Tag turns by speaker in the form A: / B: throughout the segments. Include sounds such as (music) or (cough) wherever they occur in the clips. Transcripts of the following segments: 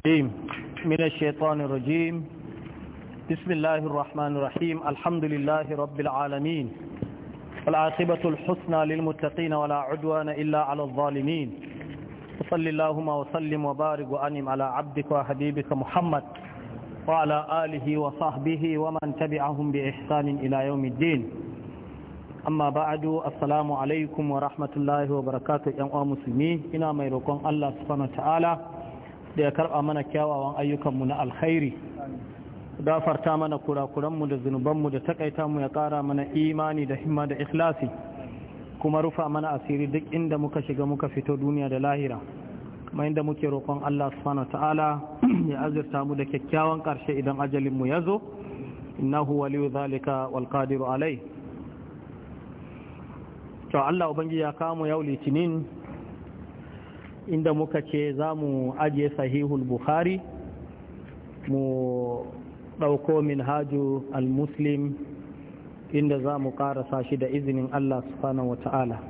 A: من الشيطان الرجيم بسم الله الرحمن الرحيم الحمد لله رب العالمين العاقبة الحسنى للمتقين ولا عدوان إلا على الظالمين وصل اللهم وسلم وبارك وأنم على عبدك وحبيبك محمد وعلى آله وصحبه ومن تبعهم بإحسان إلى يوم الدين amma ba'adu assalamu alaikum wa rahmatullahi wa barakatuh yan uwa musulmi ina mai roƙon Allah subhanahu ta'ala da ya karɓa mana kyawawan ayyukanmu na alkhairi gafarta mana kurakuranmu da zunubanmu da takaita mu ya kara mana imani da himma da ikhlasi kuma rufa mana asiri duk inda muka shiga muka fito duniya da lahira kuma inda muke roƙon Allah subhanahu ta'ala ya azurta mu da kyakkyawan karshe idan ajalin mu ya zo innahu waliyu zalika wal qadiru alai to Allah ubangi ya kamo yau litinin inda muka ce za mu ajiye sahihul bukhari mu ɗauko min haju al-muslim inda za mu ƙarasa shi da izinin Allah subhanahu wa ta'ala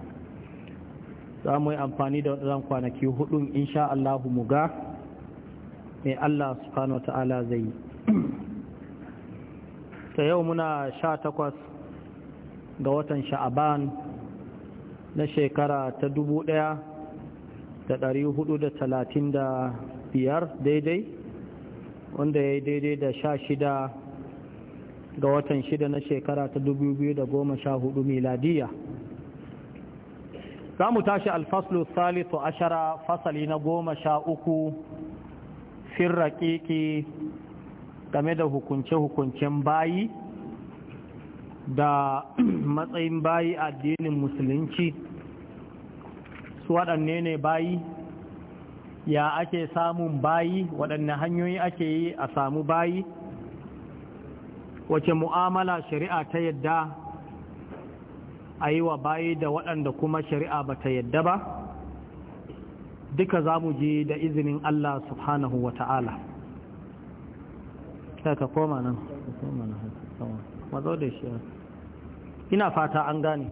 A: za mu yi amfani da waɗannan kwanaki hudun insha Allah mu ga mai Allah subhanahu wa ta'ala zai yi (clears throat) ta yau muna sha takwas ga watan sha'aban na shekara ta dubu ɗaya da ɗari hudu da talatin da biyar daidai wanda ya yi daidai da sha shida ga watan shida na shekara ta dubu biyu da goma sha hudu miladiya za mu tashi alfaslu salisu ashara fasali na goma sha uku firraƙiƙi game da hukunce-hukuncen bayi da (clears throat) matsayin bayi addinin musulunci waɗanne ne bayi ya ake samun bayi waɗanne hanyoyi ake yi a samu bayi wace mu'amala shari'a ta yadda a yi wa bayi da waɗanda kuma shari'a ba ta yadda ba duka za mu ji da izinin Allah subhanahu wa ta'ala ka koma nan ina fata an gane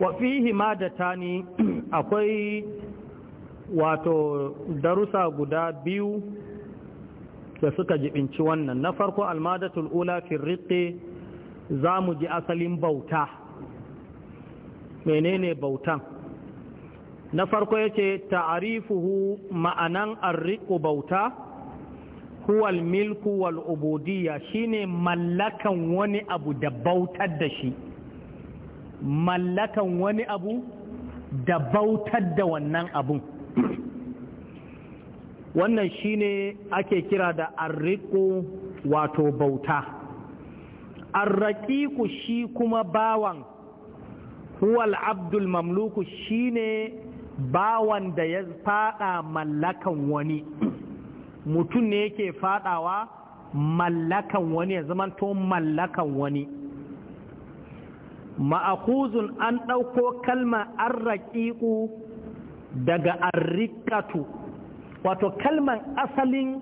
A: wa ma da tani (clears throat) akwai wato darusa guda biyu da suka jibinci wannan na farko almadatul ula fi riqi za mu ji asalin bauta menene bautan na farko yace ta'arifuhu ma'anan arriqu bauta huwa milku wal ubudiyya shine mallakan wani abu da bautar da shi mallakan wani abu da bautar da wannan abun wannan shine ake kira da arriku wato bauta arraƙiƙu shi kuma bawan huwal abdul mamluku shine bawan da ya fada mallakan wani mutum ne yake fadawa mallakan wani ya zama to mallakan wani ma'akuzun an ɗauko kalma arraƙiƙu daga rikatu wato kalman asalin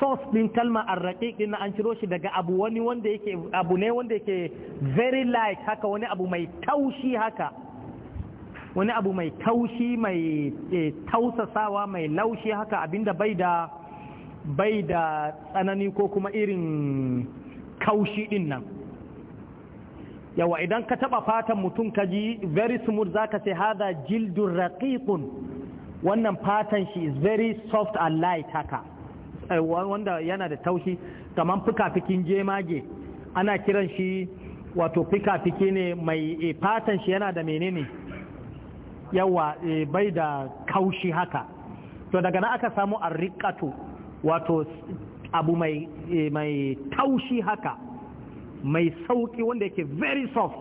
A: sos ɗin kalma raƙiƙi na an ciro shi daga abu wani wanda yake abu ne wanda yake very like haka wani abu mai taushi haka wani abu mai taushi mai e, tausasawa mai laushi haka abinda bai da bai da tsanani ko kuma irin kaushi ɗinnan. nan yawa idan ka taba fatan mutum ka ji very smooth zaka ce hada jildun raqiqun wannan fatan shi is very soft and light haka eh, wanda yana da taushi kamar fikafikin jemage ana kiran shi wato fikafiki ne mai eh, fatan shi yana da menene yawa eh, bai da kaushi haka to daga nan aka samu arriqatu wato abu mai taushi haka mai sauki wanda yake very soft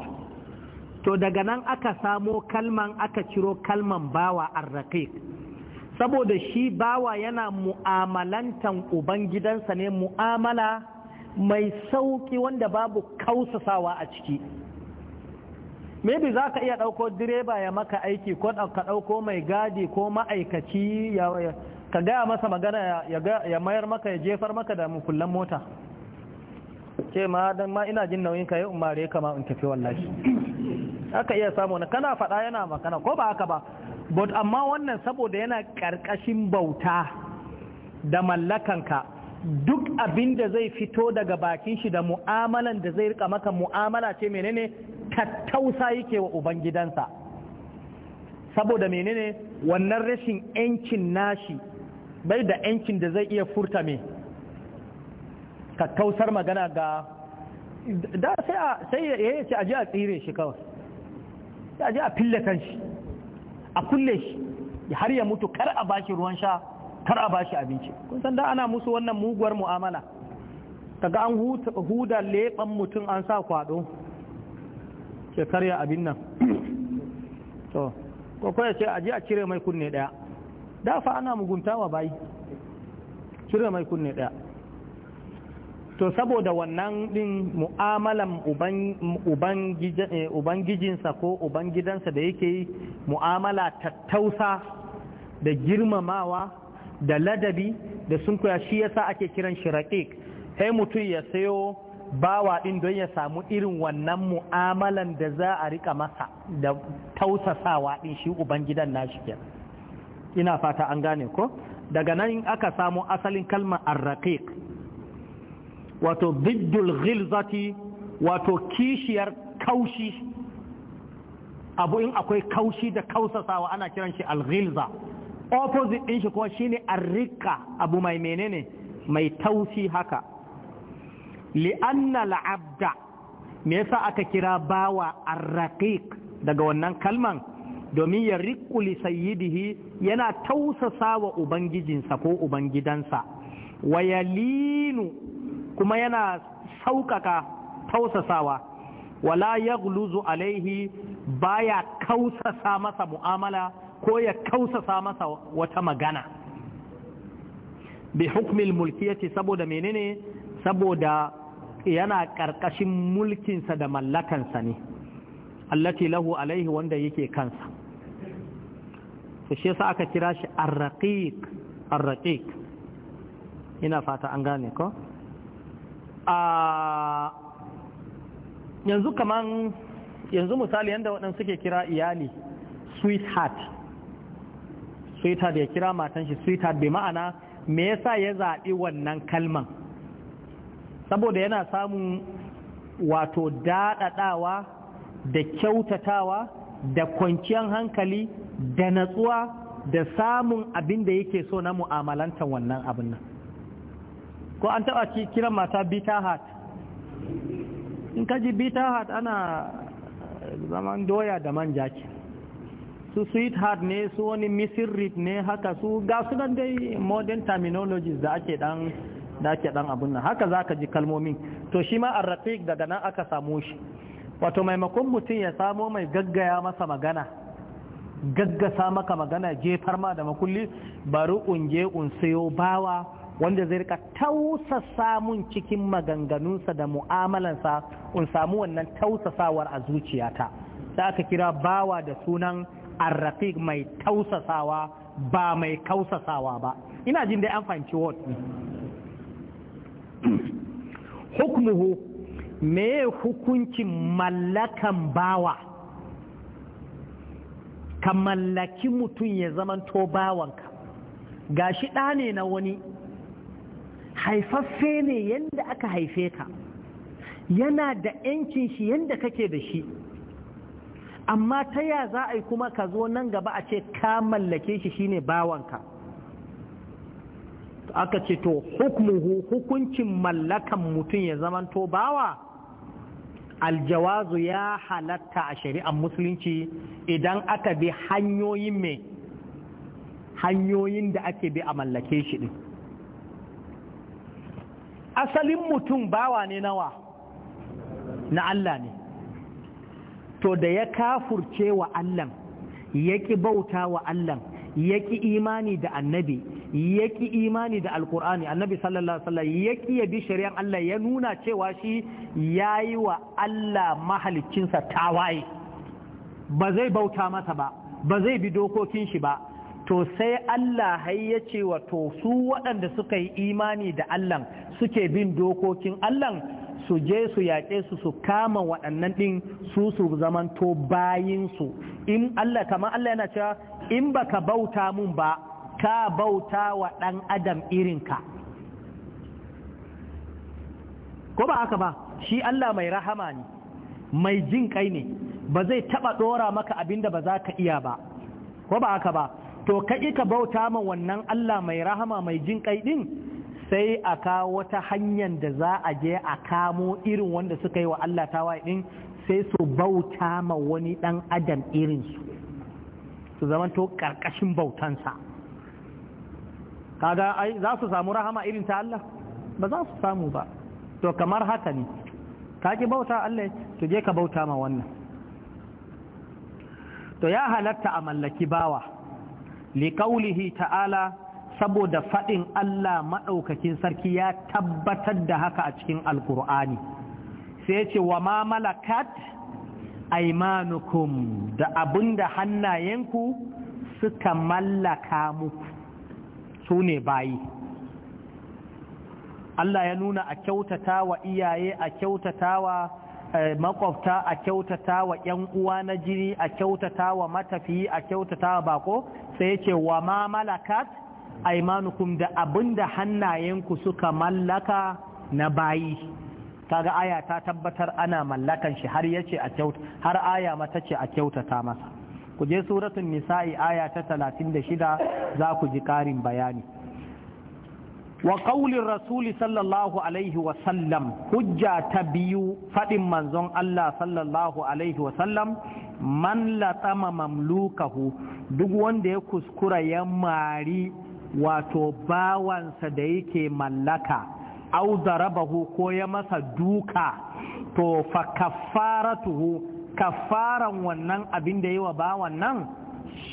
A: to daga nan aka samo kalman aka ciro kalman bawa arraqiq saboda shi bawa yana mu'amalantan ubangidansa ne mu'amala mai sauki wanda babu kausasawa a ciki maybe za ka iya ɗauko direba ya maka aiki ko ka ɗauko mai gadi ko ma'aikaci ka gaya masa magana ya mayar maka ya jefar maka da mukullan mota ce ma dan ma ina jin nauyin ka yau in mare ma in tafi wallahi aka iya samu na kana faɗa yana makana ko ba haka ba but amma wannan saboda yana ƙarƙashin bauta da mallakan ka duk abin da zai fito daga bakin shi da mu'amalan da zai rika maka mu'amala ce menene tattausa yake wa ubangidansa saboda menene wannan rashin yancin nashi bai da yancin da zai iya furta me kakkausar magana ga da sai ya ce a ji a tsire shi kawai a ji a fillatan shi a kulle shi har ya mutu kar a bashi ruwan sha kar a bashi abinci kun san da ana musu wannan muguwar mu'amala kaga an huda leɓen mutum an sa kwado ke karya abin nan (coughs) to ko ya ce ji a cire mai kunne daya da fa ana mugunta wa bayi cire mai kunne daya to saboda wannan din mu'amalan eh, ubangijinsa ko ubangidansa da yake yi mu'amala tattausa da girmamawa da ladabi da kuya shi yasa ake kiran shi raƙiƙ sai mutum ya sayo bawa din don ya samu irin wannan mu'amalan da za a rika masa da tausasawa din shi ubangidan nashi ke ina fata an gane ko daga nan aka samu asalin kalmar arraqiq wato biddul ghilzati wato kishiyar kaushi abu in akwai kaushi da kausasawa ana kiran shi alghilza opposite din shi kuma shine arrika abu mai menene mai tausi haka li'anna al'abda me yasa aka kira bawa arraqiq daga wannan kalman domin ya riƙuli li sayyidihi yana tausasa wa ubangijinsa ko ubangidansa wa yalinu kuma yana sauƙaƙa tausasawa wala ya gluzu alaihi baya kausasa masa mu'amala ko ya kausasa masa wata magana bi hukmil mulkiyati saboda menene saboda yana ƙarƙashin mulkinsa da mallakansa ne allati lahu alaihi wanda yake kansa shi yasa aka kira shi arraqiq arraqiq ina fata an gane ko a yanzu kaman yanzu misali yadda waɗansu suke kira iyali sweetheart sweetheart ya kira matan shi sweetheart bai ma'ana me yasa ya zaɓi wannan kalman saboda yana samun wato daɗaɗawa da kyautatawa da kwanciyar hankali da natsuwa da samun abin da yake so na mu'amalantar wannan abin nan ko an taba kiran mata bita hat in kaji ji bita hat ana eh, zaman doya da manja ce su sweet heart ne su wani misirrit ne haka su ga su nan dai modern terminologies da ake dan da ake dan abun nan haka zaka ji kalmomin to shi ma arraqiq daga nan aka samu shi wato maimakon mutum ya samo mai gaggaya masa magana gaggasa maka magana jefar ma da makulli bari unje un sayo bawa wanda zai rika tausasa mun cikin maganganunsa da mu'amalansa in samu wannan tausasawar a zuciyata ta aka kira bawa da sunan arrafik mai tausasawa ba mai kausasawa ba ina jin da an fahimci word (coughs) hukmuhu me hukuncin mallakan bawa ka mallaki mutum ya zamanto bawanka gashi ɗane na wani haifaffe ne yadda aka haife ka yana da ‘yancin shi yadda kake da shi amma ta ya za a yi kuma ka zo nan gaba a ce ka mallake shi shine bawanka aka ce to hukumu hukuncin mallakan mutum ya zamanto bawa aljawazu ya halatta a shari'ar musulunci idan aka bi hanyoyin mai hanyoyin da ake bi a mallake shi ɗin asalin mutum bawa ne nawa na Allah ne to da ya kafurce wa Allah ya ƙi bauta wa Allah ya ƙi imani da annabi ya ƙi imani da alkur'ani annabi sallallahu alaihi ya ƙi ya bi shari'an Allah ya nuna cewa shi ya yi wa Allah mahalicinsa tawaye ba zai bauta masa ba ba zai bi dokokin shi ba to sai Allah hayyace ya wa to su waɗanda suka yi imani da Allah suke bin dokokin Allah su je su yaƙe su su kama waɗannan ɗin su su zamanto bayinsu in Allah kamar Allah yana cewa in baka bauta mun ba ka bauta wa ɗan adam irinka ko ba haka ba shi Allah mai rahama ne mai jin kai ne ba zai taɓa ɗora maka abin da ba za ka iya ba ko ba haka ba to ka ka bauta ma wannan Allah mai rahama mai jin kai ɗin sai a kawo wata hanyar da za a je a kamo irin wanda suka yi wa Allah ta din sai su bauta ma wani ɗan adam irinsu su zama to ƙarƙashin bautansa kaga ai za su samu rahama irin ta Allah ba za su samu ba to kamar haka ne kaki bauta Allah to je ka bauta ma wannan to ya halatta a mallaki bawa liƙaulihi ta'ala saboda faɗin Allah maɗaukakin sarki ya tabbatar da haka a cikin alkur'ani sai ce wa ma malakat aimanukum da abin da hannayenku suka mallaka muku su ne bayi Allah ya nuna a kyautata wa iyaye a kyautata wa eh, makwabta a kyautata wa ‘yan uwa na jini a kyautata wa matafiyi a kyautata wa bako sai ce wa ma malakat aimanukum da abinda hannayenku suka mallaka na bayi kaga aya ta tabbatar ana mallakan shi har yace a kyauta har aya mata ce a kyautata masa ku je suratul nisa'i aya ta 36 za ku ji karin bayani wa qaulin rasuli sallallahu alaihi wa sallam hujja ta biyu fadin manzon Allah sallallahu alaihi wa sallam man tama mamlukahu duk wanda ya kuskura ya mari wato bawansa da yake mallaka au darabahu ko ya masa duka to fa kafaratuhu kafaran wannan abin da yi wa bawan nan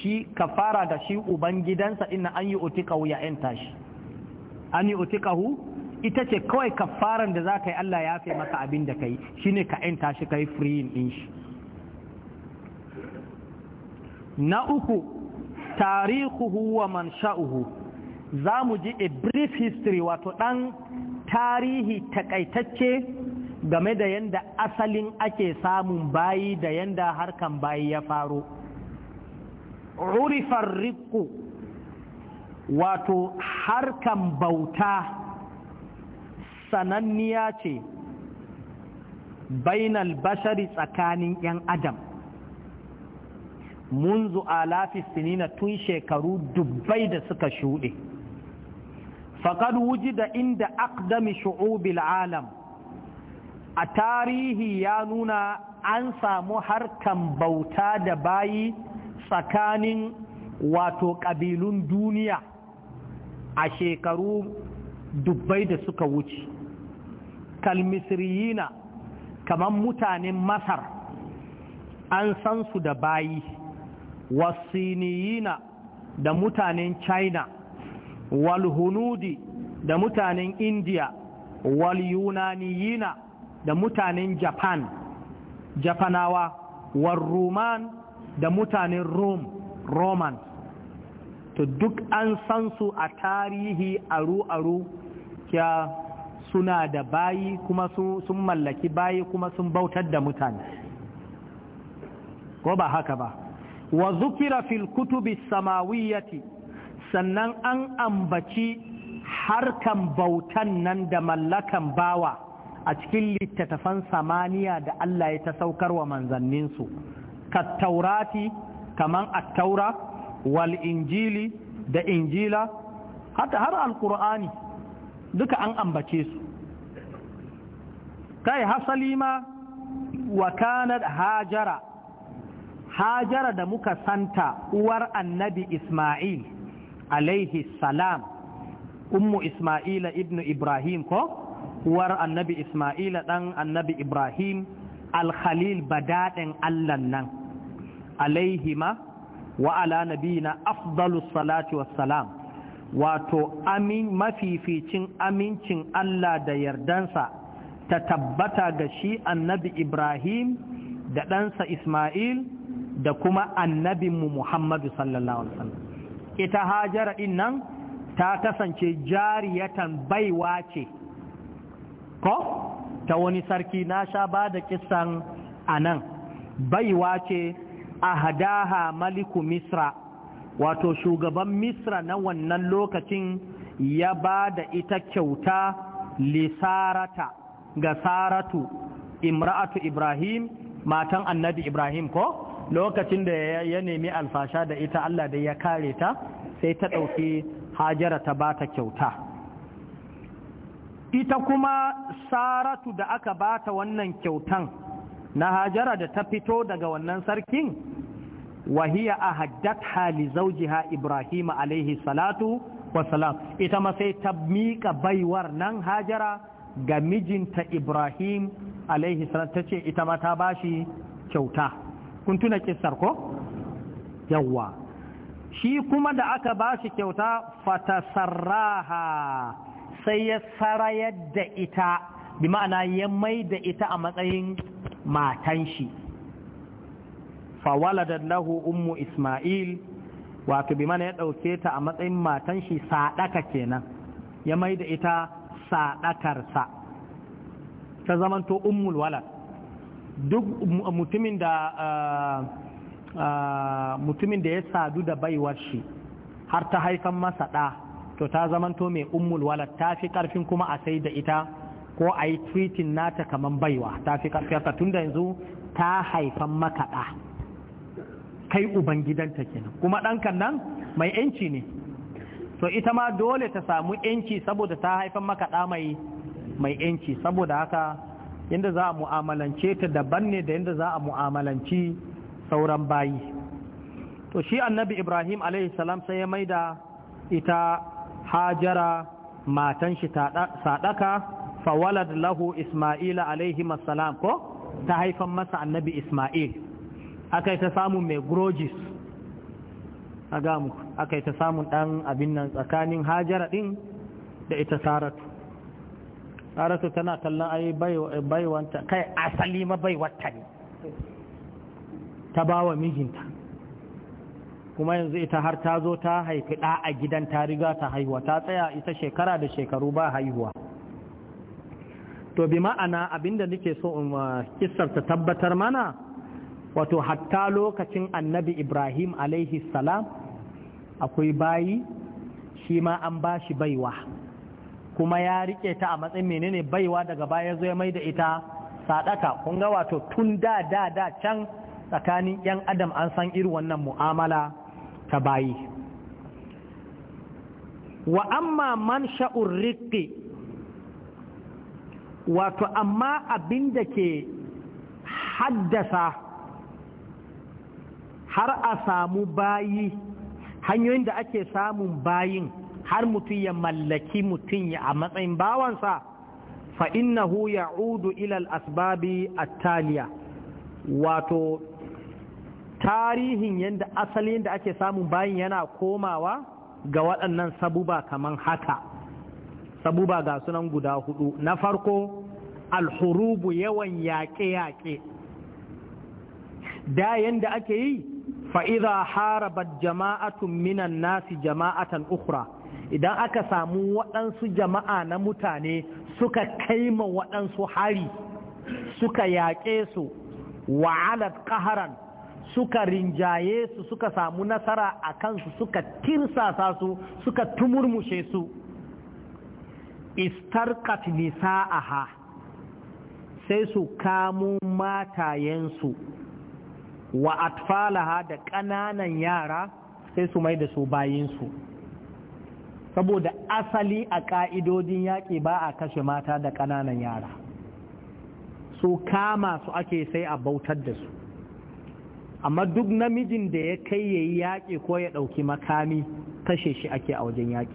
A: shi kafara ga shi ubangidansa inna an yi utikahu ya yanta shi an yi utikahu ita ce kawai kafaran da za ka yi Allah ya fi maka abin da ka yi shi ne ka yanta shi ka yi firiyin in shi na uku tarihuhu wa man sha'uhu za mu ji a brief history wato ɗan tarihi takaitacce game da yadda asalin ake samun bayi da yadda harkan bayi ya faro Rurifar riku wato harkan bauta sananniya ce bainal bashari tsakanin 'yan adam munzu alafi sinina tun shekaru dubbai da suka shuɗe faƙad da inda aqdami shu'ubil alam a tarihi ya nuna an samu harkan bauta da bayi tsakanin wato ƙabilun duniya a shekaru dubbai da suka wuce kalmisriyina kamar mutanen masar an san su da bayi wasiniyina da mutanen china walhunudi da mutanen indiya Walyunaniyina, da mutanen japan japanawa wal da mutanen rom roman to duk an san su a tarihi aru-aru kya suna da bayi kuma sun mallaki bayi kuma sun bautar da mutane ko ba haka ba wa zukira fil kutubi samawiyyati sannan an ambaci harkan bautan nan da mallakan bawa a cikin littattafan samaniya da Allah ya ta saukar wa manzanninsu kattaurati kaman attaura wal injili da injila hata har alkur'ani duka an ambace su kai hasali ma wa kanat hajara hajara da muka santa uwar annabi isma'il alaihi salam ummu isma'ila ibnu ibrahim ko uwar annabi isma'ila dan annabi ibrahim alkhalil badaɗin allan nan alaihima wa ala nabiyina afdalus salati wassalam wato amin mafificin amincin Allah da yardansa ta tabbata ga shi annabi ibrahim da ɗansa isma'il da kuma annabinmu muhammadu sallallahu alaihi wasallam ita hajara ɗin nan ta kasance jariyatan baiwa ce ko ta wani sarki na sha ba da kisan a nan baiwa ce a hadaha maliku misra wato shugaban misra na wannan lokacin ya ba da ita kyauta lisarata ga saratu imra'atu ibrahim matan annabi ibrahim ko lokacin da ya nemi alfasha da ita Allah da ya kare ta sai ta ɗauki hajara ta ba ta kyauta ita kuma saratu da aka ba ta wannan kyautan na hajara da ta fito daga wannan sarkin wahiya a haddat hali zaujiha ibrahim alaihi salatu wasalam ita ma sai ta miƙa baiwar nan hajara ga mijinta ibrahim alaihi salatu ta ce ita ma ta bashi kyauta kun tuna kisar ko yawwa shi kuma da aka ba shi kyauta sarraha sai ya sarayar da ita bi ma'ana ya mai da ita a matsayin matan shi da lahu ummu isma'il wato bi mana ya ɗauke ta a matsayin matan shi saɗaka kenan ya mai da ita saɗakarsa ta zamanto ummul walad duk mutumin da mutumin da ya sadu da baiwar shi har ta haifan masa ɗa to ta zamanto mai ummul wala ta fi ƙarfin kuma a sai da ita ko a yi tweetin nata kamar baiwa ta fi ƙarfin tun da yanzu ta haifan maka ɗa kai ubangidanta kenan kuma ɗankan nan mai ‘yanci ne to ita ma dole ta samu ‘yanci saboda ta haifan maka ɗa mai ‘yanci saboda haka inda za a mu'amalance ta daban ne da inda za a mu'amalanci sauran bayi to shi annabi ibrahim salam sai ya maida ita hajara matan shi sadaka fawalad lahu isma'ila alaihi salam ko ta haifan masa annabi isma'il aka ta samun mai grogis a gamu aka ta samun dan abin nan tsakanin hajara din da ita saratu saratu tana kallon ayi baiwanta kai asali ma baiwanta ne ta ba wa mijinta kuma yanzu ita har ta zo ta haifi ɗa a gidan ta riga ta haihuwa ta tsaya ita shekara da shekaru ba haihuwa to bi ma'ana abinda nake so in uh, kisar ta tabbatar mana wato hatta lokacin annabi ibrahim alaihi salam akwai bayi shi ma an ba shi baiwa kuma ya rike ta a matsayin menene baiwa daga baya ya mai da ita sadaka kun ga wato tun da da da can tsakanin yan adam an san irin wannan mu'amala ta bayi wa amma man sha'ur riqi wato amma abin da ke haddasa har a samu bayi hanyoyin da ake samun bayin har mutum ya mallaki mutum a matsayin bawansa fa innahu ya'udu ilal asbabi Taliya. wato tarihin yadda asalin da ake samun bayin yana komawa ga waɗannan sabuba kaman haka sabuba ga sunan guda hudu na farko alhurubu yawan yaƙe-yaƙe da yadda ake yi fa'iza harabar jama'atun minan nasi jama'atan ukra idan aka samu waɗansu jama'a na mutane suka kaima waɗansu hari suka yaƙe su wa'alat ƙaharan suka rinjaye su suka samu nasara a kansu suka tirsasa su suka tumurmushe su istarkat nisa'aha sai su kamo matayensu wa atfalaha da ƙananan yara sai su mai da su bayinsu saboda asali a ƙa'idodin yaƙi ba a kashe mata da ƙananan yara su kama su ake sai a bautar da su amma duk namijin da ya kai ya yi yaƙi ko ya ɗauki makami kashe shi ake a wajen yaƙi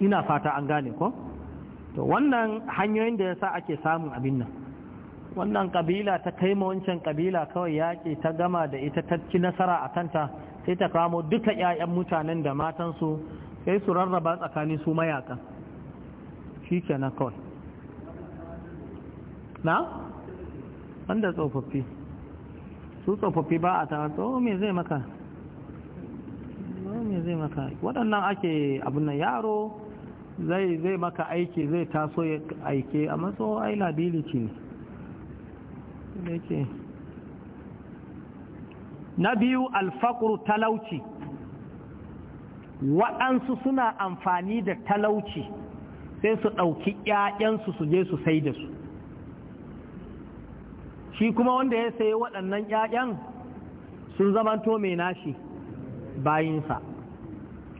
A: ina fata an gane ko to wannan hanyoyin da ya sa ake samun abin nan wannan ƙabila ta kai ma wancan ƙabila kawai yaƙi ta gama da ita ta ci nasara a kanta sai ta kamo duka 'ya'yan mutanen da matansu sai su rarraba tsakanin su mayaka shi ke na kawai na? wanda tsofaffi su tsofaffi ba a tara tsoho me zai maka me zai maka waɗannan ake abin na yaro zai zai maka aiki zai taso ya aike a matso ai labiliki ne na biyu alfakuru talauci waɗansu suna amfani da talauci sai su ɗauki ‘ya'yansu su je su sai da su shi kuma wanda ya sayi waɗannan ‘ya'yan sun zamanto mai nashi bayinsa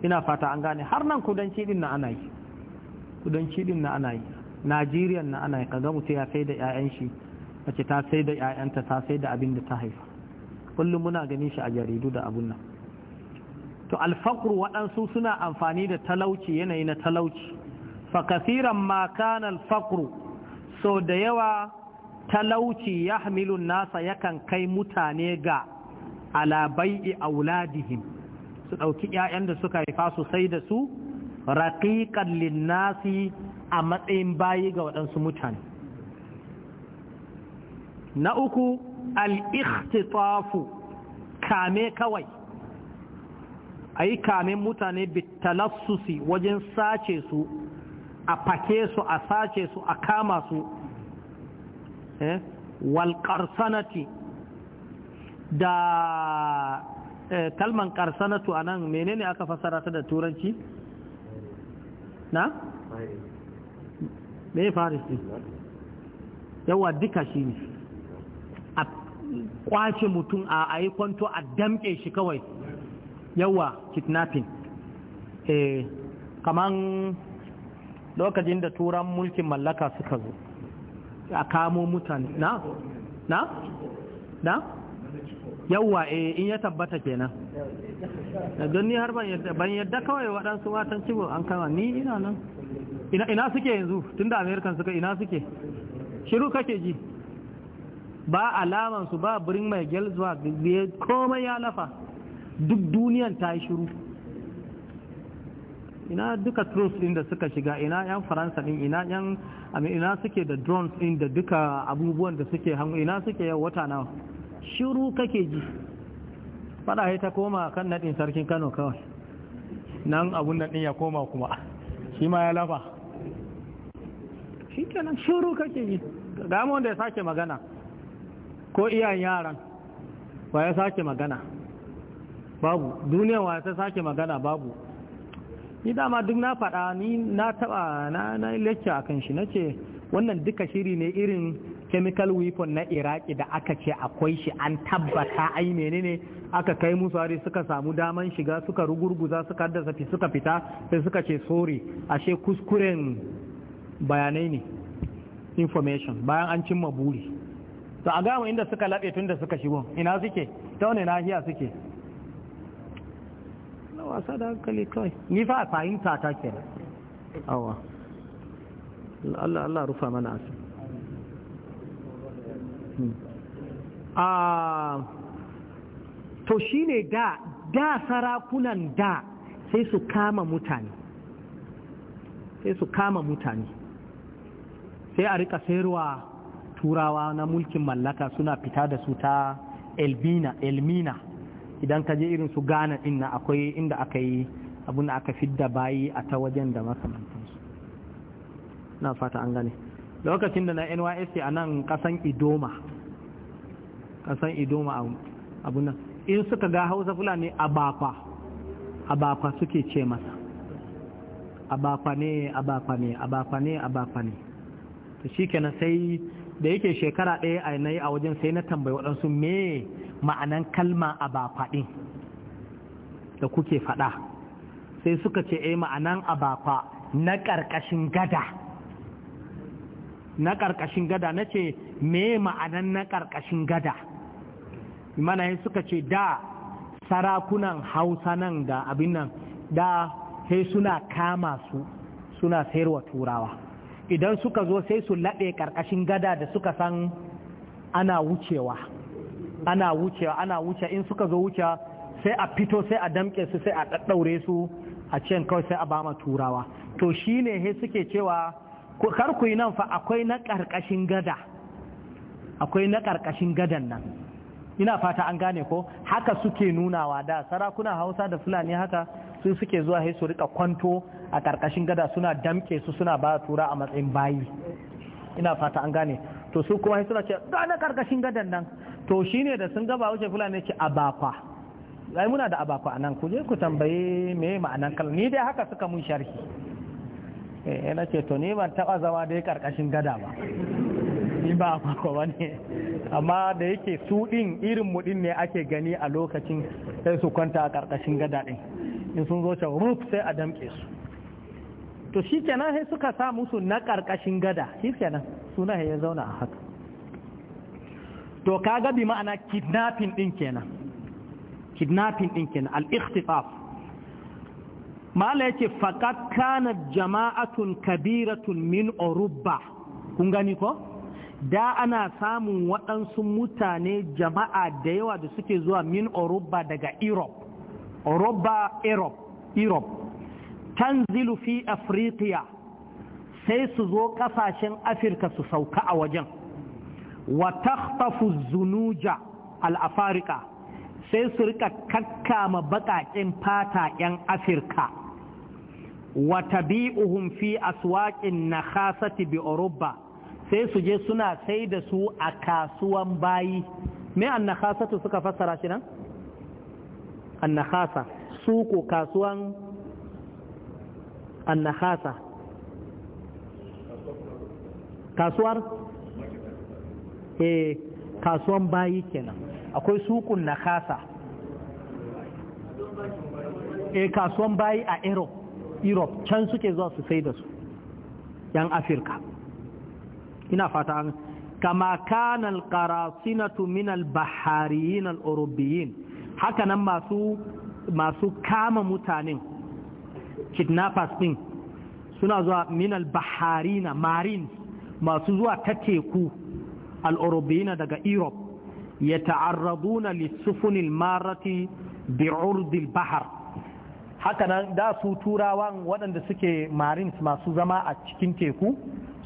A: ina fata an gane har nan kudanci din na ana yi kudanci din na ana yi najeriya na ana yi ya sai da ‘ya'yan shi mace ta sai da ‘ya'yanta ta sai da abin da ta haifa kullum muna ganin shi a jaridu da abun nan to alfaqru waɗansu suna amfani da talauci yanayi na talauci fa kasiran ma kana alfaqru so da yawa talauci ya hamilu nasa yakan kai mutane ga alabai auladihim su ɗauki 'ya'yan da suka haifa su sai da su raƙiƙan linnasi a matsayin bayi ga waɗansu mutane na uku al'ikhtitafu kame kawai a yi kame mutane bitalassusi wajen sace su a fake su a sace su a kama su eh? wal walƙarsanati da eh, kalman ƙarsanatu a nan menene aka fasara ta da turanci? na? mai faris yawa duka shi ne kwace mutum a ayi kwanto a damƙe shi kawai yawa kidnapping eh kaman lokacin da turan mulkin mallaka suka zo a kamo mutane na na na yawa eh in ya tabbata kenan don ni har ban yadda kawai waɗansu watan cibo an kama ni ina nan ina suke yanzu tun da amerikan suka ina suke shiru kake ji ba alaman su ba birin mai gel zuwa komai ya lafa duk duniyan ta yi shiru ina duka troops din da suka shiga ina yan faransa din ina yan ina suke da drones din da duka abubuwan da suke hango ina suke yau wata nawa shiru kake ji fada ta koma kan nadin sarkin Kano kawai nan abun nan din ya koma kuma shi ma ya lafa shi kenan shiru kake ji ga mu wanda ya sake magana ko iyayen yaran wa ya sake magana babu duniya wa ta sake magana babu ni dama duk na faɗa ni na taɓa na na lecture akan shi nace wannan duka shiri ne irin chemical weapon na iraki da aka ce akwai shi an tabbata ai menene aka kai musu hari suka samu daman shiga suka rugurguza suka safi suka fita sai suka ce sorry ashe kuskuren bayanai ne information bayan an cimma buri to a gamu inda suka laɓe tun da suka shigo ina suke ta wani nahiya suke na wasa da hankali kawai ni fa a fahimta ta ke awa Allah Allah rufa mana asu hmm. ah, to shi ne da da sarakunan da sai su kama mutane sai su kama mutane sai a rika sayarwa turawa na mulkin mallaka suna fita da su ta elmina elmina idan ka je irin su ghana inna akwai inda aka yi abin da aka fidda bayi a ta wajen da makamantansu na fata an gane lokacin da na nysc a nan kasan idoma kasan idoma abun nan in suka ga hausa fulani Abakwa, Abakwa suke ce masa Abakwa ne Abakwa ne Abakwa ne abafa ne to shikenan sai da yake shekara ɗaya a yanayi a wajen sai na tambayi waɗansu me ma'anan kalma a ba faɗi da kuke faɗa sai suka ce eh ma'anan a ba na ƙarƙashin gada na ƙarƙashin gada na ce me ma'anan na ƙarƙashin gada mana suka ce da sarakunan hausa nan da abin nan da sai suna kama su suna sayarwa turawa idan suka zo sai su laɗe ƙarƙashin gada da suka san ana wucewa ana wucewa ana wuce in suka zo wuce sai a fito sai a damƙe su sai a ɗaɗɗaure su a cikin kawai sai a bama turawa to shi ne he suke cewa kar ku yi nan fa akwai na ƙarƙashin gada akwai na ƙarƙashin gadan nan ina fata an gane ko haka suke nunawa da sarakuna hausa da fulani haka sun suke zuwa hai su rika kwanto a karkashin gada suna damke su suna ba tura a matsayin bayi ina fata an gane to su kuma suna ce na karkashin gadan nan to shine da sun gaba wuce fulani ce abakwa ai muna da abakwa anan ku je ku tambaye me ma'anan kalmar ni dai haka suka mun sharhi eh yana ce to ni ban taba zama dai karkashin gada ba ni ba abafa ba ne amma da yake su din irin mu din ne ake gani a lokacin sai su kwanta a karkashin gada din in sun zo can ruf sai a damƙe su to shi kenan sai suka sa musu na ƙarƙashin gada shi kenan suna ya zauna a haka to ka gabi ma'ana kidnapping din kenan kidnapping din kenan al-ikhtifaf ma'ala yake kana jama'atun kabiratun min orubba kun gani ko? da ana samun waɗansu mutane jama'a da yawa da suke zuwa min Oruba daga Europe Europa Europe, Europe tanzilu fi Afriqiya sai su zo kasashen Afirka su sauka a wajen wa takhtafu zunuja al-Afrika sai su riƙa kakkama bakakin fata 'yan Afirka wa tabi'uhum fi aswaqin nakhasati bi Europa sai su je suna sai da su a kasuwan bayi me an nakhasatu suka fassara shi nan annahasa suku kasuwan annahasa kasuwar eh kasuwan bayi kenan akwai sukun nakasa eh kasuwan bayi a europe europe can suke zuwa su sai da su yan afirka ina fata an kama kanal qarasinatu min al bahariyin al urubiyin hakanan masu masu kama mutanen kidnappers din suna zuwa minal baharina marines masu zuwa ta teku al'urubina daga europe ya ta'arraduna marati bi'urdil bahar haka nan da su turawan waɗanda suke marines masu zama a cikin teku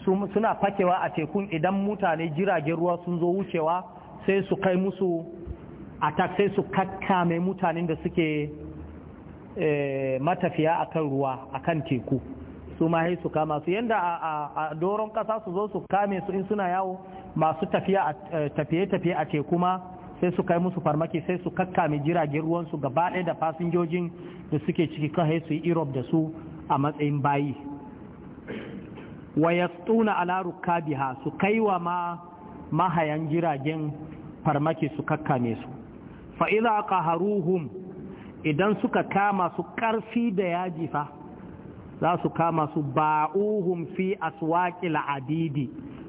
A: suna fakewa a tekun idan mutane jiragen ruwa sun zo wucewa sai su kai musu attack sai su kakkame mutanen da suke eh, matafiya a kan ruwa a kan teku su ma su kama su yadda a doron kasa su zo su kame su in suna yawo masu eh, tafiye-tafiye a teku ma sai su kai musu farmaki sai su kakkame jiragen ruwansu gaba ɗaya da fasinjojin da suke ciki kan su yi europe da su a matsayin bayi waya tsuna ala rukabiha su kaiwa ma mahayan jiragen farmaki su kakkame su fa'iza ƙaharuhum idan suka kama su ƙarfi da yaji fa za su kama su ba'uhum fi aswaƙi la'adidi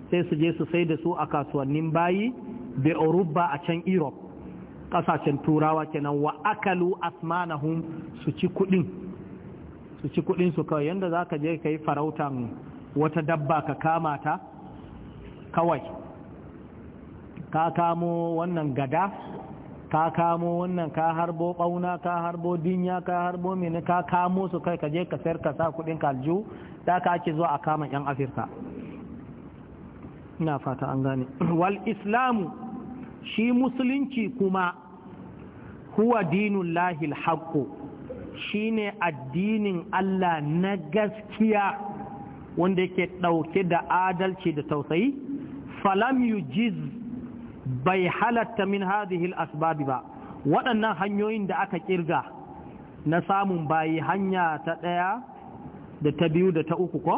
A: sai su je su sai da su a kasuwannin bayi da Urubba a can Europe ƙasashen turawa kenan wa akalu asmanahum su ci kudin su ci kudin su kawai yadda za ka je ka yi farautan wata dabba ka kama ta kawai ka kamo wannan gada ka kamo wannan ka harbo ɓauna ka harbo dinya ka harbo mini ka kamo su kai ka je ka sayar ka sa kudin kalju da ka ake zuwa a kama yan afirka ina fata an gane (clears throat) wal islamu shi musulunci kuma huwa dinun lahil haƙƙo shi ne addinin Allah na gaskiya wanda yake ɗauke da adalci da tausayi falam yujiz bai halatta min hadihil asbabi ba waɗannan hanyoyin da aka kirga na samun bayi hanya ta ɗaya da ta biyu da ta uku ko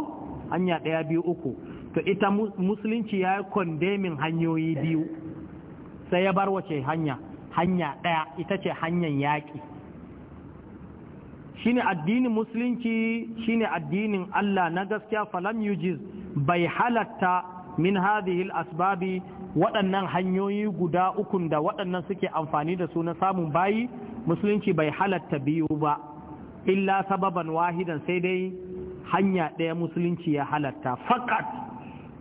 A: hanya ɗaya biyu uku to ita musulunci ya yi kondemin hanyoyi biyu sai ya bar wace hanya hanya ɗaya ita ce hanyar yaƙi shine addinin musulunci shine addinin Allah na gaskiya falam yujiz bai halatta min hadihil asbabi waɗannan hanyoyi guda ukun da waɗannan suke amfani da su na samun bayi musulunci bai halatta biyu ba illa sababan wahidan sai dai hanya ɗaya musulunci ya halatta fakat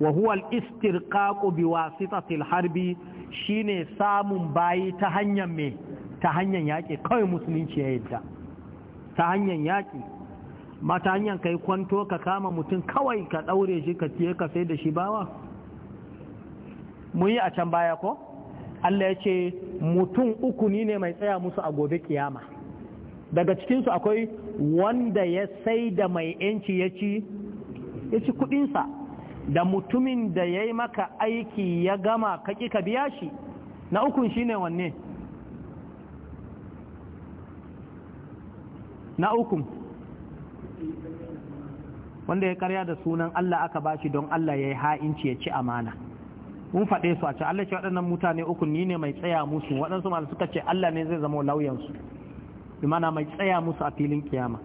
A: wa huwa al-istirqaqu bi wasitatil harbi shine samun bayi ta hanyar me ta hanyar yaƙi kawai musulunci ya yadda ta hanyar yaƙi mata ta hanyar kai kwanto ka kama mutum kawai ka ɗaure shi ka ciye ka sai da shi bawa mun yi a can baya ko Allah ya ce mutum uku ne mai tsaya musu a gobe kiyama daga cikinsu akwai wanda ya sai da mai yanci ya ci ya kudinsa da mutumin da ya yi maka aiki ya gama kaki ka biya shi na ukun shine wanne na ukun wanda ya karya da sunan Allah aka bashi don Allah ya yi ha'inci ya ci amana mun faɗe su a ce Allah ce waɗannan mutane uku ni ne mai tsaya musu waɗansu masu suka ce Allah ne zai zama lauyansu bi mana mai tsaya musu a filin kiyama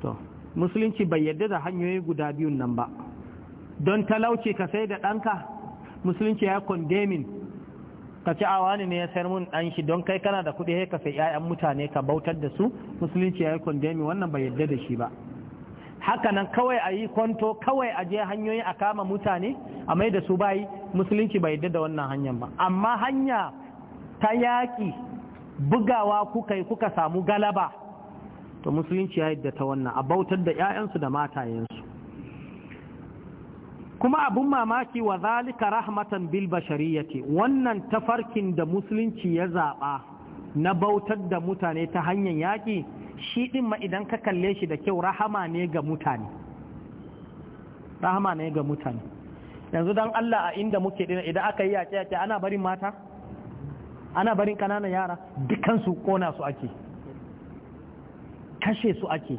A: to musulunci bai yadda da hanyoyi guda biyun nan ba don talauci ka sai da ɗanka musulunci ya kondemin ka ci awa ne ya sayar mun ɗan shi don kai kana da kuɗi ka sai 'ya'yan mutane ka bautar da su musulunci ya yi kondemin wannan bai yadda da shi ba hakanan kawai a yi kwanto kawai a je hanyoyi a kama mutane a mai da su bayi musulunci bai yadda da wannan hanyar ba amma hanya ta yaƙi bugawa kuka yi kuka samu galaba to musulunci ya yadda ta wannan a bautar da 'ya'yansu da matayensu kuma abun mamaki wa zalika rahmatan bil bashariyati wannan tafarkin da musulunci ya zaɓa na bautar da mutane ta hanyar yaƙi shi ɗin ma idan ka kalle shi da kyau rahama ne ga mutane rahama ne ga mutane yanzu don Allah a inda muke ɗina idan aka yi yaƙe yaƙe ana barin mata ana barin ƙananan yara dukansu ƙona su ake kashe su ake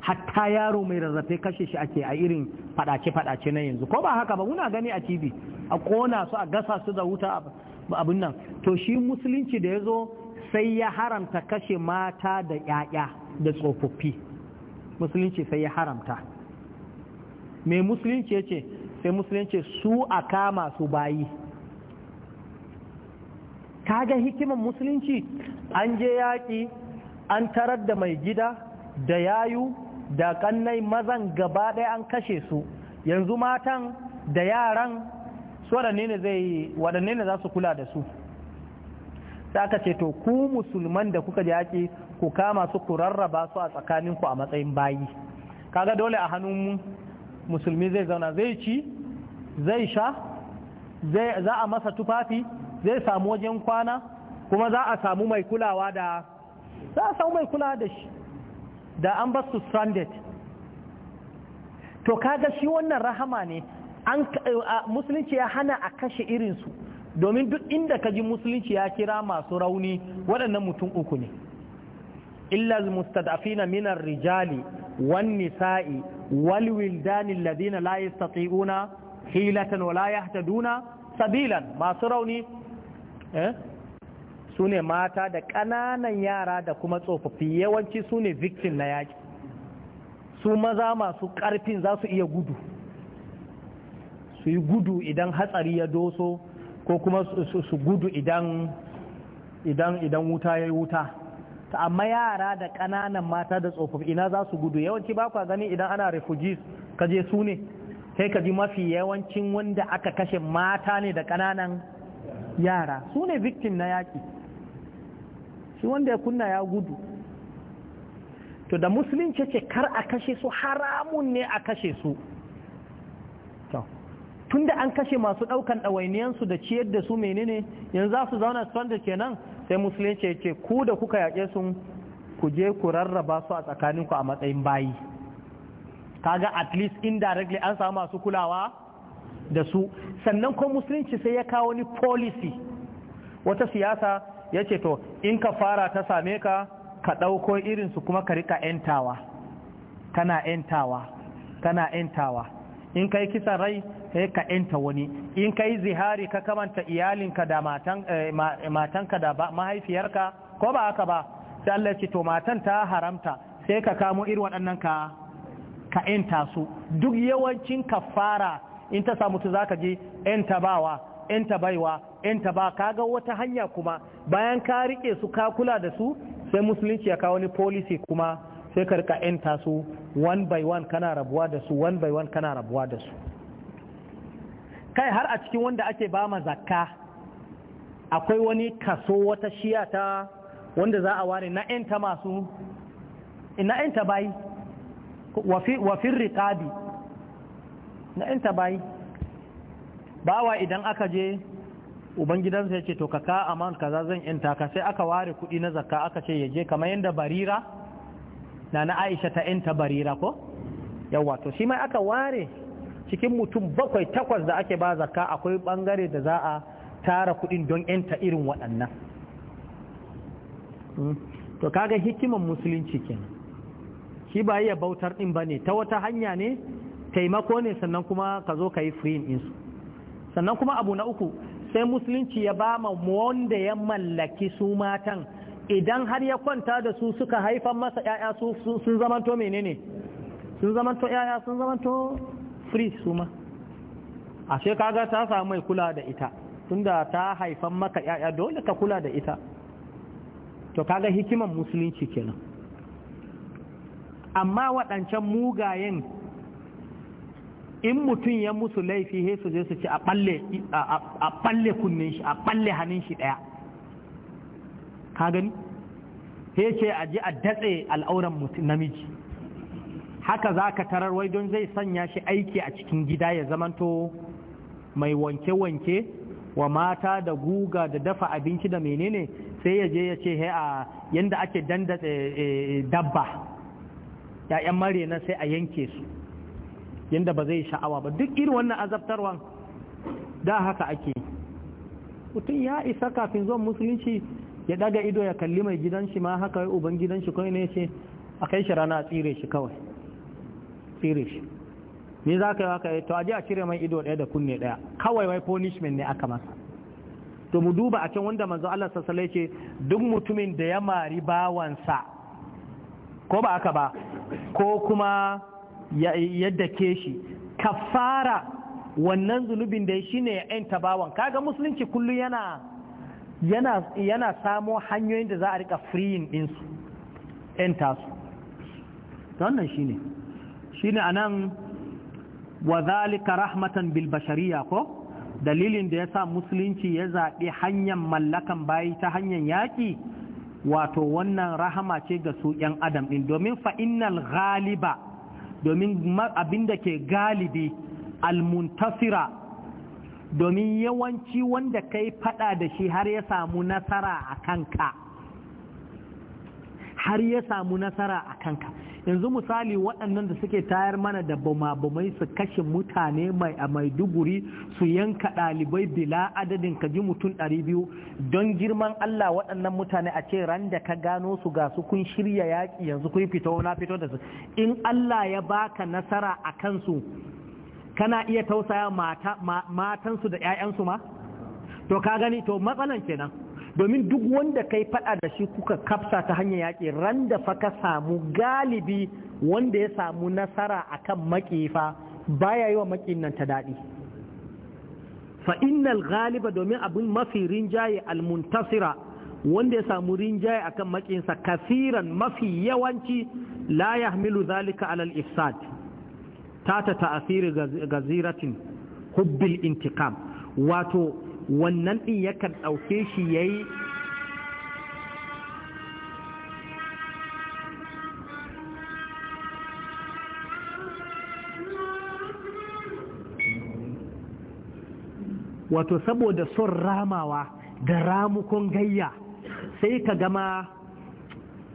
A: hatta yaro mai rarrafe kashe shi ake a irin faɗace-faɗace na yanzu ko ba haka ba muna gani a tv a kona su a gasa su da wuta abin nan to shi musulunci da ya zo sai ya haramta kashe mata da ‘ya'ya da tsofaffi musulunci sai ya haramta mai musulunci ya ce sai musulunci su a kama su bayi kaga hikiman musulunci an je yaƙi an tarar da mai gida da yayu da kannai mazan gaba ɗaya an kashe su yanzu matan da yaran su waɗanne ne za su kula da su sai aka ce to ku musulman da kuka yaƙi ku kama su ku rarraba su a tsakanin ku a matsayin bayi kaga dole a hannun musulmi zai zauna zai ci zai sha zai za a masa tufafi zai samu wajen kwana kuma za a samu mai kulawa da za a samu mai kulawa da shi da an ba su stranded to kaga shi wannan rahama ne an musulunci ya hana a kashe irinsu domin duk inda ka ji musulunci ya kira masu rauni waɗannan mutum uku ne illa mustad'afina minar rijali wan nisa'i wal wildani alladhina la yastati'una hilatan wa la yahtaduna sabilan masu rauni eh sune mata da ƙananan yara da kuma tsofaffi yawanci sune victim na yaƙi su maza masu karfin za su iya gudu su yi gudu idan hatsari ya doso ko kuma su gudu idan idan wuta ya wuta ta amma yara da kananan mata da tsofaffi ina za su gudu yawanci ba kwa gani idan ana refugees ka je su ne sai ka ji mafi yawancin wanda aka kashe mata ne da kananan yara su ne victim na yaki shi wanda ya kunna ya gudu to da musulunci ce kar a kashe su haramun ne a kashe su tunda an kashe masu ɗaukan ɗawainiyansu da ciyar da su menene yanzu za su zauna su da kenan sai musulunci ya ce ku da kuka yaƙe sun ku je ku rarraba su a tsakaninku a matsayin bayi kaga at least indirectly an samu masu kulawa da su sannan ko musulunci sai ya kawo ni policy wata siyasa ya ce to in ka fara ta same ka ka ɗauko irinsu kuma ka rika 'yantawa kana 'yantawa kana 'yantawa in kai kisan rai sai ka yanta wani in kai zihari ka kamanta iyalinka da eh, matanka da mahaifiyarka ko ba haka ba sai Allah ce to matan ta haramta sai ka kamo irin waɗannan ka ka yanta su duk yawancin kafara in ta samu tu zaka je yanta bawa yanta baiwa yanta ba ga wata hanya kuma bayan ka rike su ka kula da su sai musulunci ya kawo wani policy kuma sai ka rika yanta su one by one kana rabuwa da su one by one kana rabuwa da su kai har a cikin wanda ake ba ma zakka akwai wani kaso wata shiya ta wanda za a ware na yanta masu na yanta bayi wafin riƙabi na yanta bayi bawa idan aka je ubangidansa ya ce to kaka a man kaza zan yanta ka sai aka ware kuɗi na zakka aka ce ya je kamar yadda barira na na aisha ta yanta barira ko yawa to shi mai aka ware cikin mutum bakwai takwas da ake ba zaka akwai bangare da za a tara kudin don yanta irin waɗannan hmm. to kaga hikiman musulunci kenan shi ba iya bautar ɗin ba ne ta wata hanya ne taimako ne sannan kuma ka zo ka yi firin insu sannan kuma abu na uku sai musulunci ya ba ma wanda ya mallaki su matan idan har ya kwanta da su suka haifan masa ‘ya'ya sun zamanto menene sun zamanto ‘ya'ya sun zamanto free su ma ashe kaga ta samu mai kula da ita tunda ta haifan maka ‘ya'ya dole ka kula da ita to kaga hikiman musulunci kenan amma waɗancan mugayen in mutum ya musu laifi sai su je su ce a ɓalle kunnen shi a ɓalle hannun shi ɗaya ka gani sai ce a ji a datse al'auran namiji haka za ka tarar wai don zai sanya shi aiki a cikin gida ya zamanto mai wanke-wanke wa mata da guga da dafa abinci da menene sai ya je ya ce he a yanda ake dandatse e, e, dabba ya'yan mare na sai a yanke su Yadda ba zai sha'awa ba duk irin wannan azabtarwan da haka ake mutum ya isa kafin zuwan musulunci ya daga ido ya kalli mai gidan shi ma haka uban gidan shi kawai ne ce a kai shi rana a tsire shi kawai tsire shi ni za ka yi haka to je a cire mai ido ɗaya da kunne ɗaya kawai wai punishment ne aka masa to mu duba a can wanda manzo Allah sassale ce duk mutumin da ya mari bawansa ko ba aka ba ko kuma yadda ke shi kafara wannan zunubin da shi ne ya 'yanta bawan kaga musulunci kullum yana yana samo hanyoyin da za a rika firiyin ɗinsu su tasu wannan shine ne anan wa zalika rahmatan bil ko dalilin da ya sa musulunci ya zaɓi hanyar mallakan bayi ta hanyar yaƙi wato wannan rahama ce ga su ‘yan adam ɗin domin fa’inal galiba domin abin da ke galibi almuntasira domin yawanci wanda kai fada da shi har ya samu nasara a kanka har ya samu nasara a kanka yanzu misali waɗannan da suke tayar mana da bama su kashe mutane mai a maiduguri su yanka ɗalibai bila adadin ka ji mutum ɗari biyu don girman Allah waɗannan mutane a ce ran da ka gano su ga su kun shirya yaƙi yanzu kun fito na fito da su in Allah ya baka nasara a kansu kana iya tausaya mata matansu da 'ya'yansu ma to ka gani to matsalan kenan domin duk wanda kai fada da shi kuka kafsa ta hanyar yaƙi ran da fa ka samu galibi wanda ya samu nasara akan makifa baya yi wa makin nan ta daɗi fa innal galiba domin abin mafi rinjaye almuntasira wanda ya samu rinjaye akan makinsa kasiran mafi yawanci la yahmilu zalika alal ifsad tata ta'asiri gaziratin hubbil intiqam wato wannan din yakan dauke shi yayi wato saboda son ramawa da ramukon gayya sai ka gama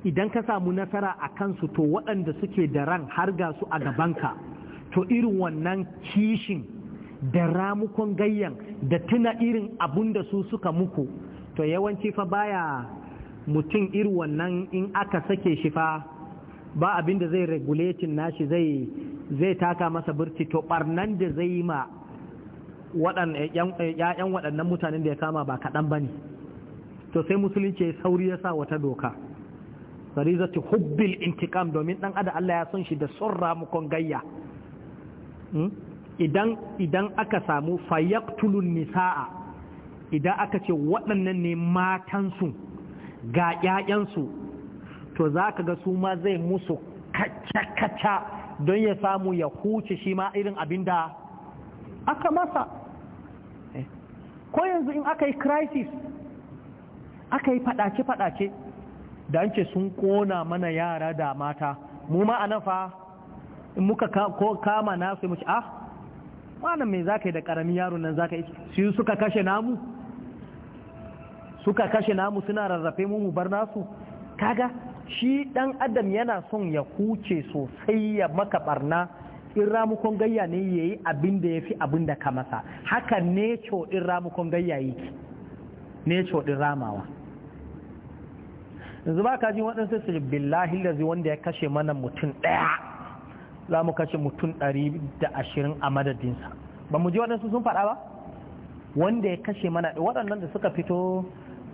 A: idan ka samu nasara a kansu to waɗanda suke da ran har ga su a gabanka to irin wannan kishin da ramukon gayyan da tuna irin abun da su suka muku to yawanci fa baya mutum irin wannan in aka sake shi fa ba abin da zai regulatin nashi zai zai taka masa birci to barnan da zai yi ma ‘ya'yan eh, eh, waɗannan mutanen da ya kama ba kaɗan ba ne to sai musulunci ya sauri ya sa wata doka zati hubbil intikam domin ɗan ada Allah ya son shi da son ramukon gayya Hmm? idan aka samu fayyaktulun nisa'a idan aka ce waɗannan ne matansu ga 'ya'yansu, to za ka ga su ma zai musu kacca-kacca don ya samu ya huce shi ma irin abin da aka masa eh. ko yanzu in aka yi crisis aka yi faɗace-faɗace da an ce sun ƙona mana yara da mata mu ma a fa in muka ko kama nasu mu ci ah wannan za zaka yi da karami yaro nan zaka yi su suka kashe namu suka kashe namu suna rarrafe mu mu bar nasu kaga shi dan adam yana son ya huce sosai ya maka barna in ramukon gayya ne ya yi abin da ya fi abin da ka masa haka ne coɗin ramukon gayya yake ne coɗin ramawa yanzu ba ka ji waɗansu su billahi lazi wanda ya kashe mana mutum ɗaya za mu kashe mutum 120 a madadinsa ba mu ji waɗansu sun faɗa ba wanda ya kashe mana waɗannan da suka fito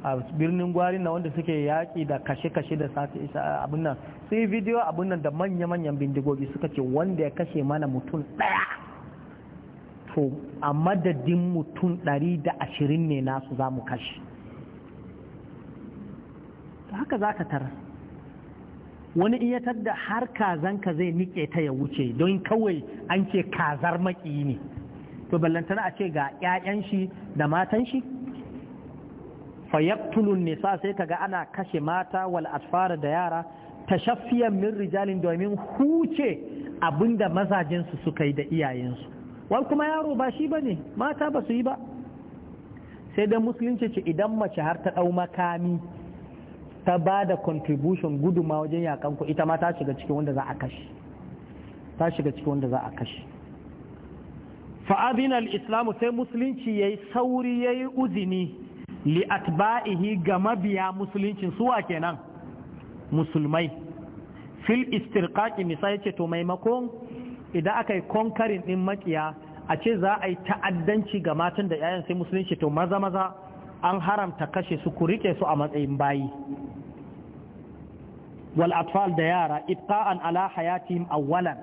A: a birnin gwari na wanda suke yaƙi da kashe-kashe da sati isa abin nan bidiyo abin da manya-manyan bindigogi suka ce wanda ya kashe mana mutum ɗaya to a madadin mutum ɗari da ashirin ne nasu za mu kashe haka za ka tara wani iya tadda har kazanka zai nike ta ya wuce don kawai an ce kazar maki ne to ballantana a ce ga 'ya'yan shi da matan shi fayaktulun nisa sai kaga ana kashe mata wal asfara da yara tashaffiyan min rijalin domin huce abinda mazajensu suka yi da iyayensu wal kuma yaro ba shi bane mata ba su yi ba sai dai musulunci ce idan mace har ta dau makami ta ba da contribution guduma wajen yakan ku ita ma ta shiga cikin wanda za a kashe ta shiga cikin wanda za a kashe al-islamu sai musulunci yayi sauri yayi uzini li atba'ihi ga mabiya musuluncin suwa kenan musulmai fil istirqaqi misali ce to maimakon idan aka yi konkarin din makiya a ce za a yi ta'addanci ga matan da 'ya'yan sai musulunci to maza maza an haramta kashe su ku rike su a matsayin bayi wal atfal da yara ibqa'an ala hayatihim awwalan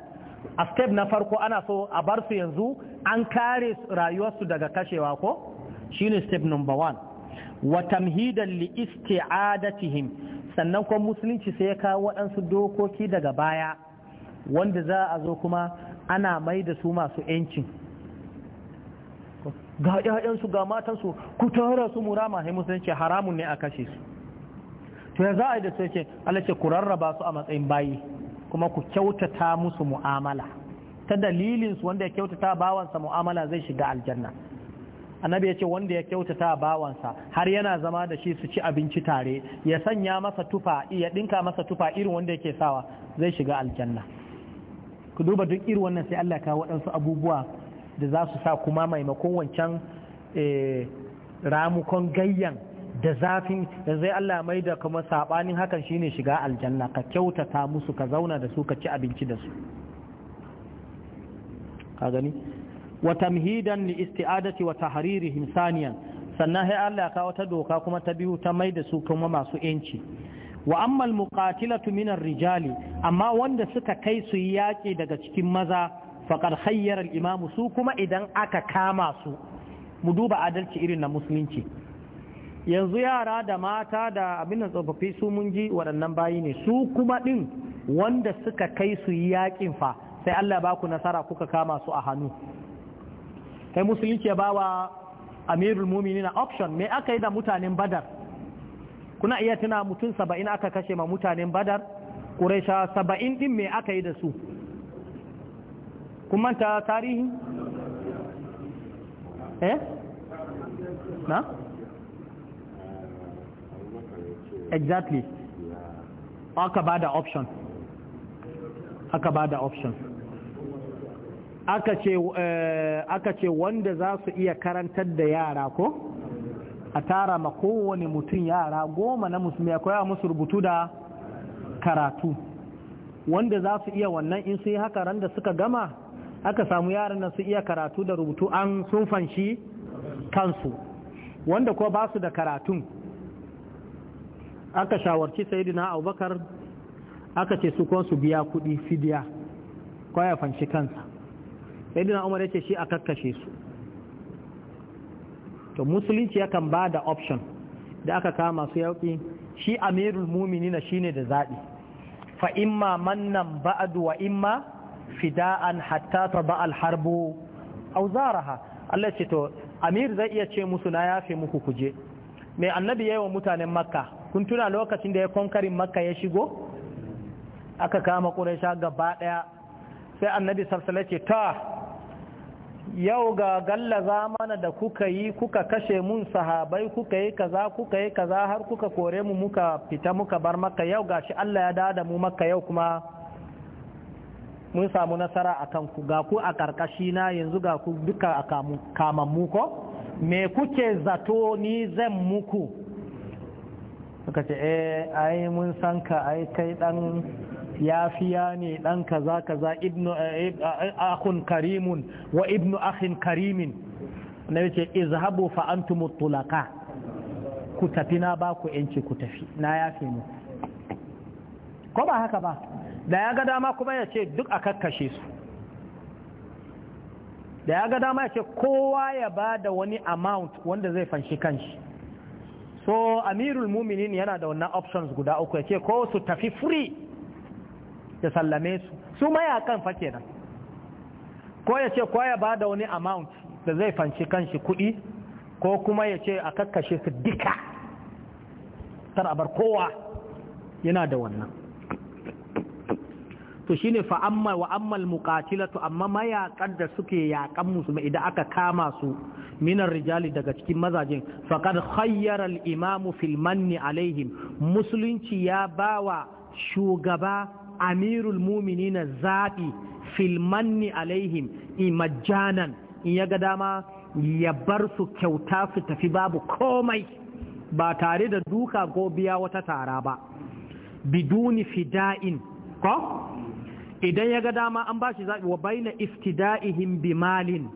A: a step na farko ana so a bar su yanzu an kare rayuwarsu daga kashewa ko shine step number one wa tamhidan li isti'adatihim sannan kuma musulunci sai ya kawo waɗansu dokoki daga baya wanda za a zo kuma ana mai da su masu 'yancin ga yayansu ga matansu ku tara su murama sun ce haramun ne a kashe su to ya za a yi da su yake Allah ku rarraba su a matsayin bayi kuma ku kyautata musu mu'amala ta dalilin su wanda ya kyautata bawansa mu'amala zai shiga aljanna annabi ya ce wanda ya kyautata bawansa har yana zama da shi su ci abinci tare ya sanya masa tufa ya dinka masa tufa irin wanda yake sawa zai shiga aljanna ku duba duk irin wannan sai Allah ka waɗansu abubuwa da za su sa kuma maimakon wancan eh, ramukon gayyan da zafin da zai Allah mai da kuma sabanin hakan shine shiga aljanna ka kyautata musu ka zauna da su ka ci abinci da su ka gani wa tamhidan li isti'adati wa tahririhim saniyan sannan sai Allah kawo ta doka kuma ta biyu ta mai da su kuma masu yanci wa al muqatilatu ar rijali amma wanda suka kai su yaƙi daga cikin maza faƙar hayyarar imamu su kuma idan aka kama su mu duba adalci irin na musulunci yanzu yara da mata da abin tsofaffi su mun ji waɗannan bayi ne su kuma ɗin wanda suka kai su yi yaƙin fa sai Allah ba ku nasara kuka kama su a hannu kai musulunci ya bawa amirul na option me aka yi da mutanen badar kuna iya tuna mutum saba'in aka kashe ma mutanen badar ƙuraisha saba'in ɗin me aka yi da su kun manta tarihi eh na exactly aka ba option aka ba option eh, aka ce wanda za su iya karantar da yara ko a tara ma kowane mutum yara goma na musulmi a musu rubutu da karatu wanda za su iya wannan in sai haka ran da suka gama aka samu yaran nan su iya karatu da rubutu an sun fanshi kansu wanda ko ba su da karatun aka shawarci sayidina abubakar aka ce su su biya kuɗi, fidiya ko ya fanshi kansa sayidina umar ya ce shi a kakkashe su to musulunci yakan ba da option da aka kama masu yauki shi amirul muminina shine da zaɓi fa mannan ba'adu wa imma fida'an hatta ta ba alharbu auzaraha Allah ya ce to amir zai iya ce musu na yafe muku kuje mai annabi yayi wa mutanen makka kun tuna lokacin da ya konkarin makka ya shigo aka kama ƙuraisha gaba ɗaya sai annabi sarsala ce ta yau ga gallaza mana da kuka yi kuka kashe mun sahabai kuka yi kaza kuka yi kaza har kuka kore mu muka fita muka bar maka yau gashi Allah ya dada mu maka yau kuma mun samu nasara a kanku ga ku a karkashi na yanzu ga ku duka a kaman muku, me kuke zato ni zan muku suka ce eh ai mun san ka ai kai dan yafiya ne dan kaza kaza ibnu eh, eh, eh, akhun karimun wa ibnu akhin karimin na yace izhabu fa antum tulaka ku tafi na ba ku yanci ku tafi na yafe mu ko ba haka ba da ya ga dama kuma ya ce duk a kakkashe su da ya ga dama ya ce kowa ya ba da wani amount wanda zai fanshi kanshi so amirul muminin yana da wannan options guda uku ya ce ko su tafi free ya sallame su su mayakan fa kenan ko ya ce kowa ya ba da wani amount da zai fanshi kanshi kuɗi ko kuma ya ce a kakkashe su duka tar abar kowa yana da wannan to shine fa amma wa ammal muqatilatu amma mayakan da suke musu mai idan aka kama su minar rijali daga cikin mazajin faqad khayyara al imamu fil manni alaihim musulunci ya bawa shugaba amirul mu'minina zabi fil manni alaihim imajjanan in ya ga dama ya bar su kyauta su tafi babu komai ba tare da duka gobiya wata tara ba biduni fida'in ko idan ya ga dama an ba shi zaɓi wa baina iftida'ihim bi malin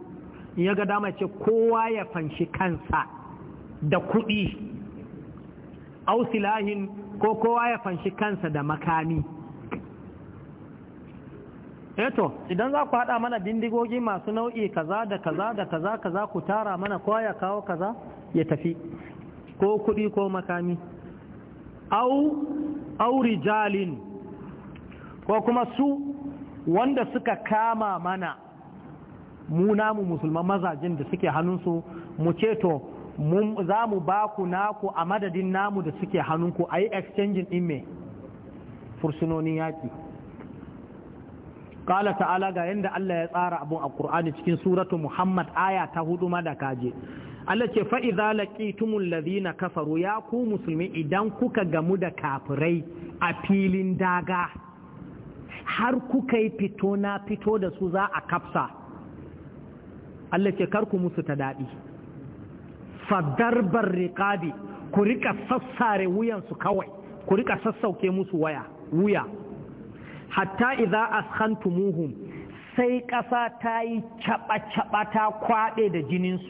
A: ya ga dama ce kowa ya fanshi kansa da kuɗi silahin ko kowa ya fanshi kansa da makami eto eh idan za ku haɗa mana bindigogi masu nau'i kaza da kaza da kaza kaza ku tara mana kowa ya kawo kaza ya tafi ko kuɗi ko makami au au rijalin ko kuma su wanda suka kama mana mu namu musulman mazajin da suke hannunsu mu ce to za mu ba ku naku a madadin namu da suke hannunku a yi exchanging in mai fursunonin yaƙi ƙala ta'ala ga yadda Allah ya tsara abun a ƙur'ani cikin suratu Muhammad aya ta hudu ma da kaje Allah ce fa'iza laƙitumun lazina kafaru ya ku musulmi idan kuka gamu da kafirai a filin daga har kuka yi fito na fito da su za a kafsa Allah ce karku musu ta daɗi fadarbar riƙabi ku rika sassare wuyansu kawai ku rika sassauke musu waya wuya hatta idza askhantumuhum sai ƙasa ta yi caɓa-caɓa ta kwaɗe da jininsu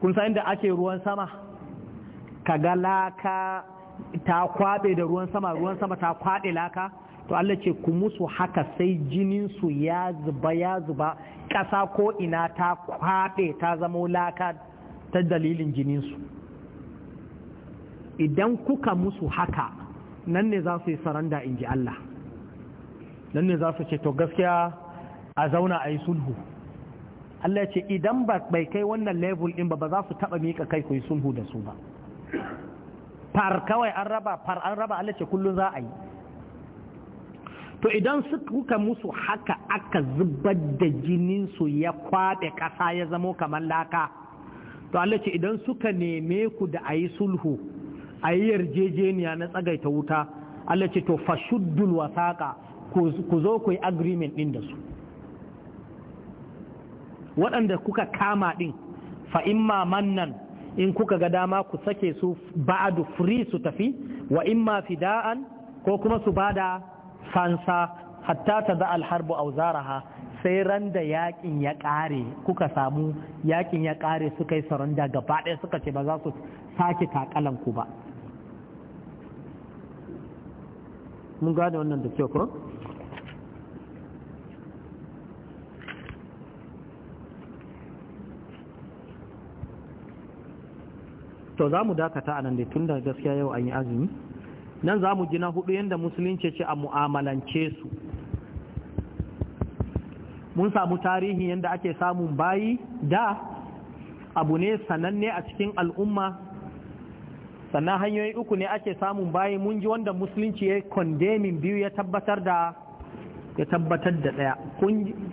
A: kun san da ake ruwan sama ga laka ta kwaɗe da ruwan sama ruwan sama ta kwaɗe laka to Allah ce ku musu haka sai jininsu ya zuba ya zuba ƙasa ko ina ta kwaɗe ta zama laka ta dalilin jininsu idan kuka musu haka nan ne za su yi saranda in ji Allah nan ne za su ce to gaskiya a zauna a yi sulhu Allah ce idan ba bai kai wannan level ɗin ba ba za su taɓa miƙa kai ku yi sulhu da su ba far kawai an raba far an raba Allah ce kullum za a yi to idan suka musu haka aka zubar da jininsu ya kwaɗe ƙasa ya zamo kamar laka to Allah ce idan suka neme ku da a yi sulhu a yi yarjejeniya na tsagaita wuta Allah ce to fashuddul wasaƙa ku zo ku yi agreement ɗin da su waɗanda kuka kama ɗin fa'imma mannan in kuka ga dama ku sake su ba'adu free su tafi wa imma fida'an ko kuma su bada fansa hatta ta za alharbu zaraha sai ran da yakin ya kare kuka samu yakin ya ƙare suka yi saranda gaba ɗaya suka ce ba za su sake takalan ku ba mun gane wannan da kyau kuma to za mu dakata a nan da tun da gaskiya yau an yi azumi nan za mu ji na hudu yadda musulunci ce a mu'amalance su mun samu tarihin yadda ake samun bayi da abu ne sananne a cikin al'umma sannan hanyoyi uku ne ake samun bayi mun ji wanda musulunci ya kondemin biyu ya tabbatar da ya tabbatar da ɗaya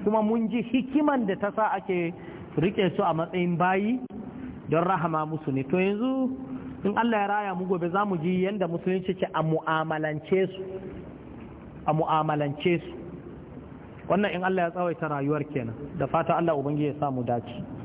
A: kuma mun ji hikiman da ta sa ake rike su a matsayin bayi don rahama musu ne to yanzu in Allah ya raya mu gobe za mu ji yadda musulunci ce a mu'amalance su a mu'amalance wannan in Allah ya tsawaita rayuwar kenan da fata Allah ubangiji ya samu dace